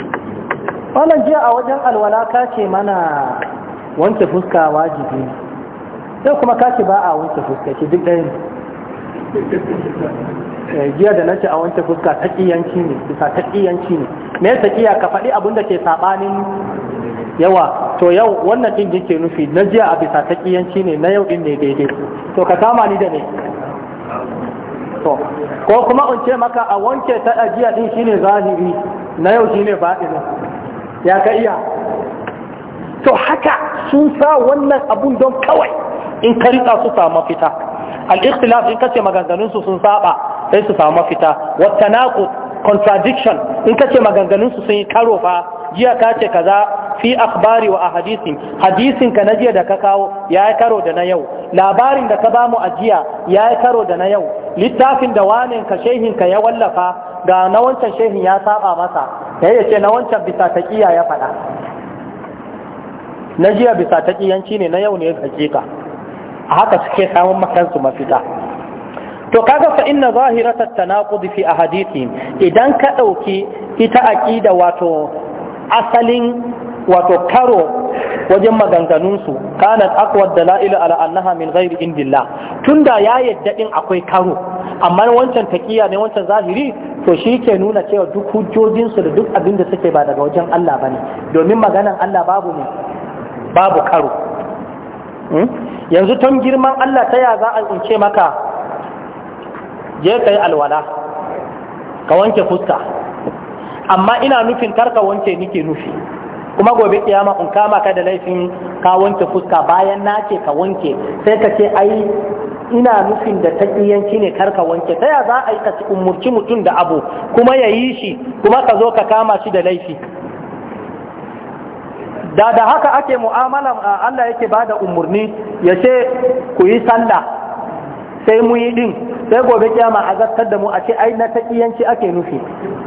wannan jiya a wajen alwala ka ce mana wanke fuska wajibi ne sai kuma kaki ba a wanke fuska ki duk ɗayan eh, jiya da nace a wanke fuska ta kiyanci ne bisa ta kiyanci ne me ta kiya ka faɗi abin da ke sabanin yawa to yau wannan din yake nufi na jiya a bisa ta kiyanci ne na yau din ne daidai to ka kama ni da ne to ko kuma in ce maka a wanke ta ajiya din shine zahiri na yau shine baɗini ya ka iya to haka sun sa wannan abun don kawai in ka rika su samu mafita al-ikhtilaf in kace maganganun su sun saba sai su samu mafita wa tanaqud contradiction in kace maganganun su sun yi karo fa jiya ka ce kaza fi akhbari wa hadisin ka na jiya da ka kawo yayi karo da na yau labarin da ka bamu a jiya yayi karo da na yau littafin da wanen ka shehin ka ya wallafa ga na wancan shehin ya saba masa yayi ce na wancan bisa taqiya ya faɗa na jiya bisa ta ƙiyanci ne na yau ne hakika a haka suke samun makansu mafita to kaga fa inna tattana tanaqud fi hadisi, idan ka dauki ita aqida wato asalin wato karo wajen maganganunsu kana aqwa dalail ala annaha min ghairi indillah tunda ya yadda din akwai karo amma wancan taqiya ne wancan zahiri to shi ke nuna cewa duk hujjojinsu da duk abin da suke ba daga wajen Allah bane domin maganan Allah babu ne babu karo hmm? yanzu tun girman Allah ta ya za a unce maka je ka yi alwala ka wanke fuska amma ina nufin karka wanke nike nufi kuma gobe kiyama in kama ka da laifin ka wanke fuska bayan na ce ka wanke sai ka ce ai ina nufin da taƙiyanci ne karka wanke ta ya za a yi ka umurci mutum da abu kuma ya yi shi kuma ka zo ka kama shi da laifi da da haka ake mu'amala Allah yake ba da umurni ya ce ku yi sallah sai mu yi din sai gobe kiyama a zartar da mu a ce ai na taqiyanci ake nufi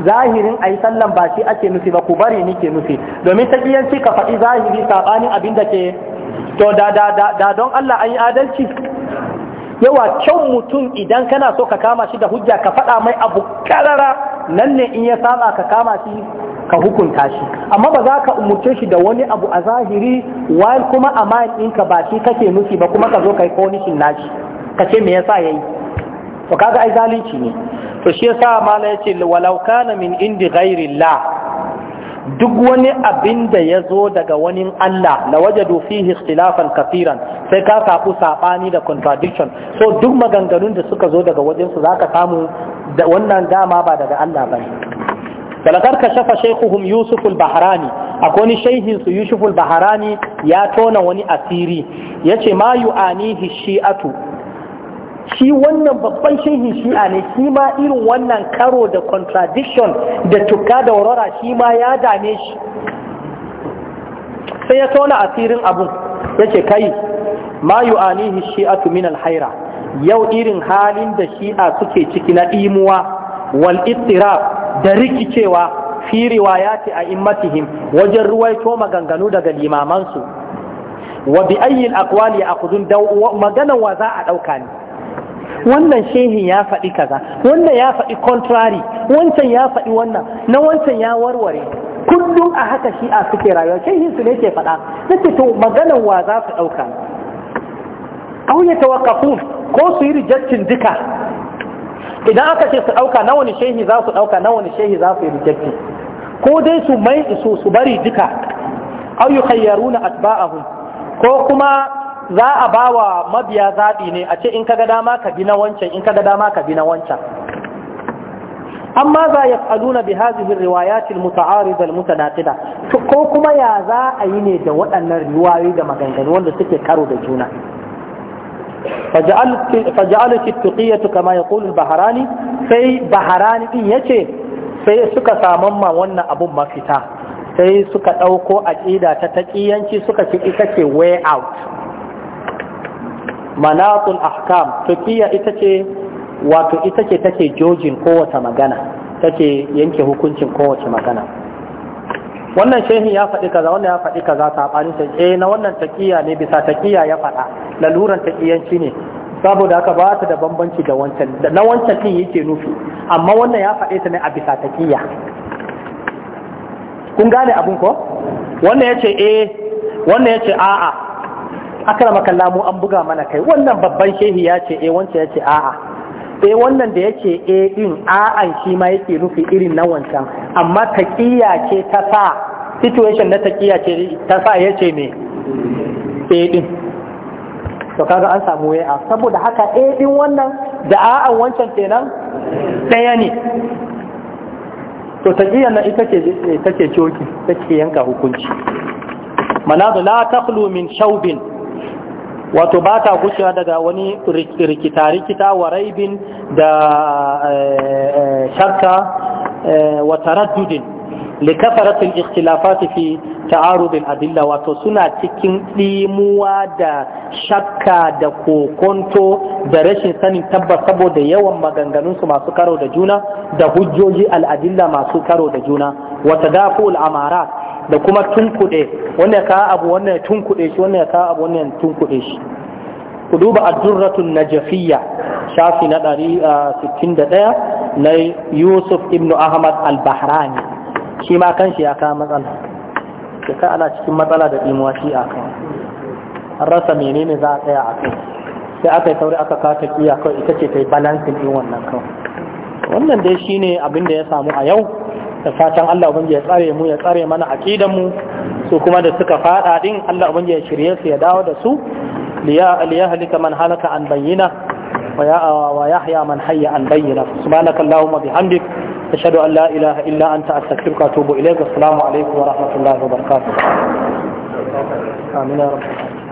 zahirin ai sallan ba shi ake nufi ba ku bari nike nufi domin taqiyanci ka faɗi zahiri sabani abinda da ke to da da da don Allah an yi adalci yawa kyan mutum idan kana so ka kama shi da hujja ka faɗa mai abu karara nan ne in ya saba ka kama shi ka hukunta shi amma ba za ka umurce shi da wani abu a zahiri wai kuma a mind ɗinka ba shi kake nufi ba kuma ka zo kai konishin nashi ka ce me yasa yayi to kaga ai zalunci ne to shi yasa mala ce walau kana min indi ghairillah duk wani abin da ya zo daga wani Allah la wajadu fihi ikhtilafan kafiran sai ka sabu sabani da contradiction so duk maganganun da suka zo daga wajen su zaka samu da wannan dama ba daga Allah bane balakar ka shafa shaykhuhum yusuf al-bahrani akwai ni su yusuf al-bahrani ya tona wani asiri yace ma yu'anihi shi'atu shi wannan babban shehi shi'a ne shi ma irin wannan karo da contradiction da tuka da warwara shi ma ya dame shi sai ya tona asirin abun ya ce kai ma yu'anihi shi'atu min alhaira yau irin halin da shi'a suke ciki na imuwa wal ittirab da rikicewa fi riwayati a immatihim wajen ruwaito maganganu daga limamansu wa bi ayyin aqwali ya'khudun maganan wa za a ɗauka ne wannan shehin ya faɗi kaza wannan ya faɗi contrary wancan ya faɗi wannan na wancan ya warware kullum a haka shi a suke rayuwa shehin su ne ke faɗa nake to maganar wa za su ɗauka au ya tawaqqafun ko su yi rejection duka idan aka ce su ɗauka na wani shehi za su ɗauka na wani shehi za su yi rejection ko dai su mai su su bari duka aw yukhayyaruna atba'ahum ko kuma za a ba wa mabiya zaɓi ne a ce in ka ga dama ka bi na wancan in ka ga dama ka bi na wancan amma za ya tsaluna bi hazihin riwayatil muta'aridal mutanaqida ko kuma ya za a yi ne da waɗannan riwayoyi da maganganu wanda suke karo da juna faja'alat at-tuqiyatu kama yaqulu al-bahrani sai bahrani din yace sai suka saman ma wannan abun mafita sai suka ɗauko aƙida ta taƙiyanci suka ce ita ce way out manatul ahkam turkiya ita ce wato ita ce take jojin kowace magana take yanke hukuncin kowace magana wannan shehi ya faɗi kaza wannan ya faɗi kaza saɓanin ta eh na wannan taƙiya ne bisa taƙiya ya faɗa laluran taƙiyanci ne saboda haka ba ta da bambanci da wancan na wancan ɗin yake nufi amma wannan ya faɗe ta ne a bisa taƙiya kun gane abin ko wannan ya ce eh wannan ya ce a'a akrama kallamu an buga mana kai wannan babban shehi ya ce eh wancan ya ce a'a eh wannan da yake eh din a'an shi ma yake nufi irin na wancan amma taqiya ce ta sa situation na taqiya ce ta sa yace me eh din to kaga an samu a saboda haka eh din wannan da a'an wancan kenan daya ne to taqiya na ita ce eh, take coki take yanka hukunci Manazu la takhlu min shaubin wato ba ta gushewa daga wani rikita-rikita wa raibin da eh, eh, shakka eh, wa radudin, likafaratin ikhtilafati fi ta'arudin adilla wato suna cikin ɗimuwa da shakka da kokonto da rashin sanin tabbas saboda yawan maganganunsu masu karo da juna da hujjoji al'adilla masu karo da juna wata dafu al'amara da kuma tunkuɗe wannan ya kawo abu wannan ya tunkuɗe shi wannan ya kawo abu wannan ya tunkuɗe shi ku duba addurratun najafiyya shafi na 161 ah, na yusuf ibn ahmad al-bahrani shi ma kanshi ya kawo matsala ya kai ana cikin matsala da ɗimuwa shi a kan an rasa menene za a tsaya a kai sai aka yi sauri aka kawo tafiya kawai ita ce ta yi balansin ɗin wannan kawai wannan dai shine abin da ya samu a yau da fatan Allah ubangiji ya tsare mu ya tsare mana aqidan mu su kuma da suka fada din Allah ubangiji ya shirye su ya dawo da su liya liyahlika man halaka an bayyina wa yahya man hayya an bayyina subhanaka allahumma bihamdik ashhadu an la ilaha illa anta astaghfiruka wa atubu ilayk assalamu alaikum wa rahmatullahi wa barakatuh amin ya rabbal